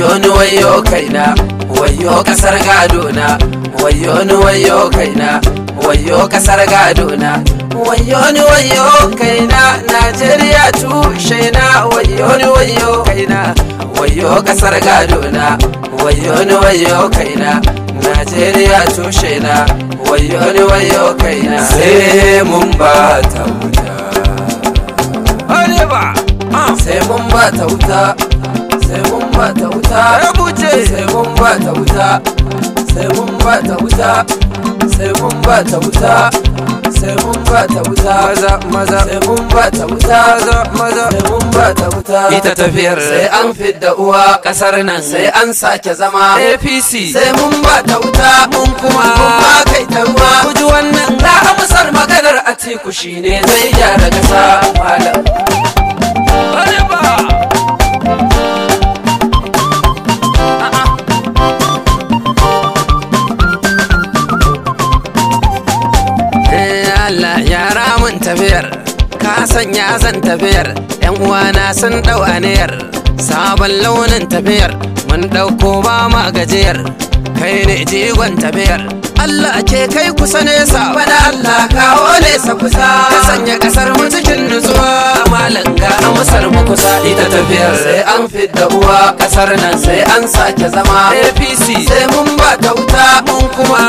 wayo ni wayo kaina wayo kasar gadona wayo ni wayo kaina wayo kasar gadona wayo ni wayo kaina najeriya tushaina wayo ni wayo kaina wayo kasar gadona wayo ni wayo kaina najeriya tushaina wayo ni wayo kaina sai mun ba ta wuta ah. sai mun ba ta wuta sai mun ba ta wuta ya sai mun ba ta wuta sai mun ba ta wuta sai mun ba ta wuta sai mun ba wuta maza maza sai mun ba ta wuta maza maza sai mun ba ta wuta ita tafiyar sai an fidda uwa kasar nan sai an sake zama APC sai mun ba ta wuta mun kuma kuma kai ta ruwa kuji wannan na amsar maganar a Atiku shine zai gyara kasa malam ka sanya zan tafiyar yan uwana san dau aniyar sabon launin tafiyar mun dauko ba ma gajiyar kai ne jigon tafiyar Allah ke kai kusa nesa wani Allah kawo nesa kusa ka sanya kasar mu cikin nutsuwa malam a musar mu kusa ita tafiyar sai an fidda uwa kasar nan sai an sake zama APC sai mun ba ta wuta mun kuma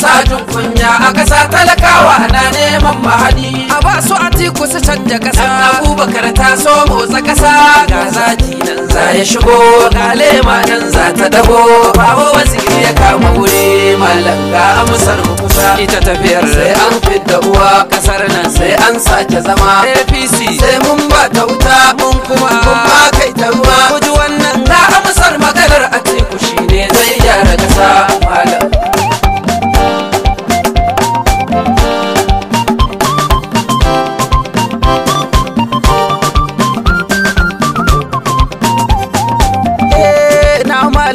Sa jin kunya a ƙasa talakawa na neman mahadi a ba su a tiku su canja ƙasa abubakar ta so motsa ƙasa ga zaki nan za ya shigo ga lema nan za ta dabo bawo waziri ya kama wuri malanga ga musar kusa ita tafiyar sai an fidda uwa Kasar nan sai an sake zama apc sai mun ba ta wuta mun kuma mun ba kai ta ruwa kuji wannan na amsar maganar a teku shine zai gyara ƙasa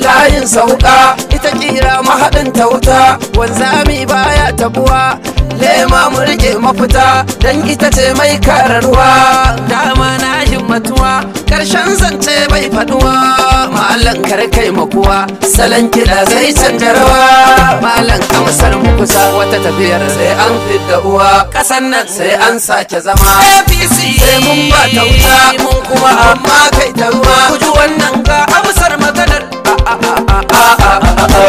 alayin layin sauka ita kira mahaɗin tauta wanzami baya tabuwa lema mu rike mafita dan ita ce mai kararwa dama na himmatuwa karshen zance bai faduwa malam karkai makuwa salon kiɗa zai canja rawa malam amsar mu kusa wata tafiyar sai an fidda uwa ƙasan nan sai an sake zama apc sai mun ba tauta mun kuma amma kai ta ruwa ji wannan ga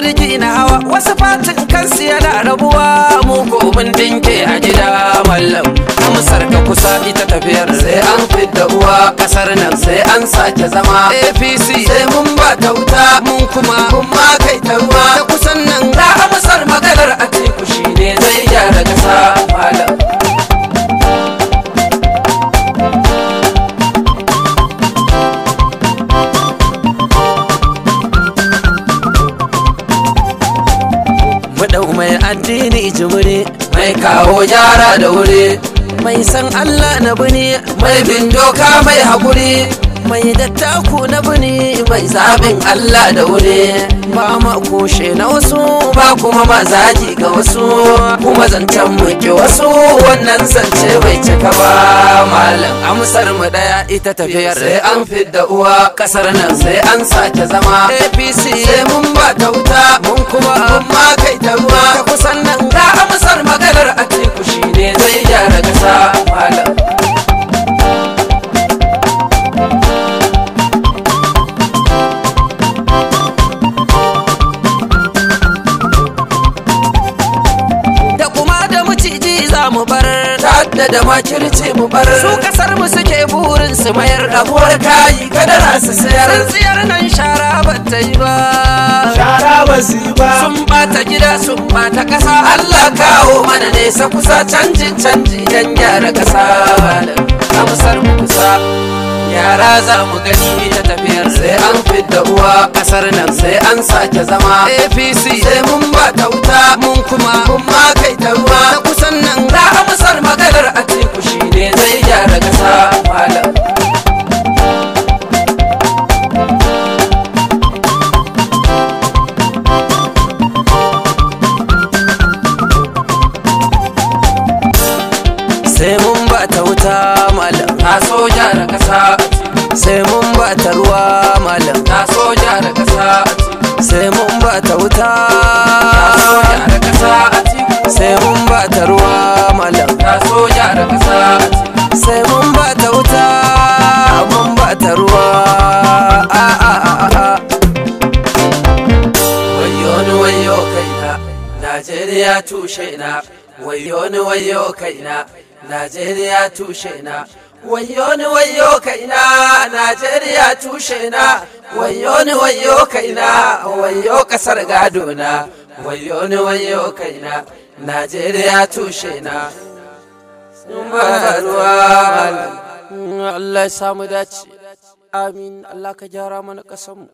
jirgi na hawa wasu fatin kansu yana rabuwa mu ko mun dinke a gida mallam amsar ka kusa ita tafiyar sai an fidda uwa kasar nan sai an sake zama apc sai mun ba ta wuta mun kuma kun ma kai ta ruwa kusan nan ga amsar maganar a ce mai addini jibiri mai kawo yara da wuri mai san allah na bini mai bin doka mai haƙuri mai da na bini mai zaɓin Allah da wuri ba ma kushe na wasu ba kuma ma zaji ga wasu kuma zancen muke wasu wannan zance bai cika ba malam amsar mu daya ita tafiyar sai an fidda uwa kasar nan sai an sake zama apc sai mun ba ta wuta mun kuma mun ma kai ta ruwa kusan nan ga amsar maganar a cikin teku ne. zai gyara kasa malam da da makirci mu bar su kasar mu suke burin su mayar da buwar kayi kadara su sayar tsiyar nan shara ta yi ba shara ba su yi ba sun bata gida sun bata kasa Allah kawo mana nesa kusa canjin canji dan gyara kasa musar mu kusa yara za mu gani ta tafiyar sai an fidda uwa kasar nan sai an sake zama apc sai mun ba malam ta soja da kasa sai mun ba ta wuta ta soja da kasa sai mun ba ta ruwa malam ta soja da kasa sai mun ba ta wuta mun ba ta ruwa a a a a wayo ni wayo kaina najeriya tushe na wayo ni wayo kaina najeriya tushe na wayo ni wayo kaina najeriya tushe na wayo ni wayo kaina wayo kasar gado na wayo ni wayo kaina najeriya tushe na Allah ya samu dace amin Allah ka jara mana kasanmu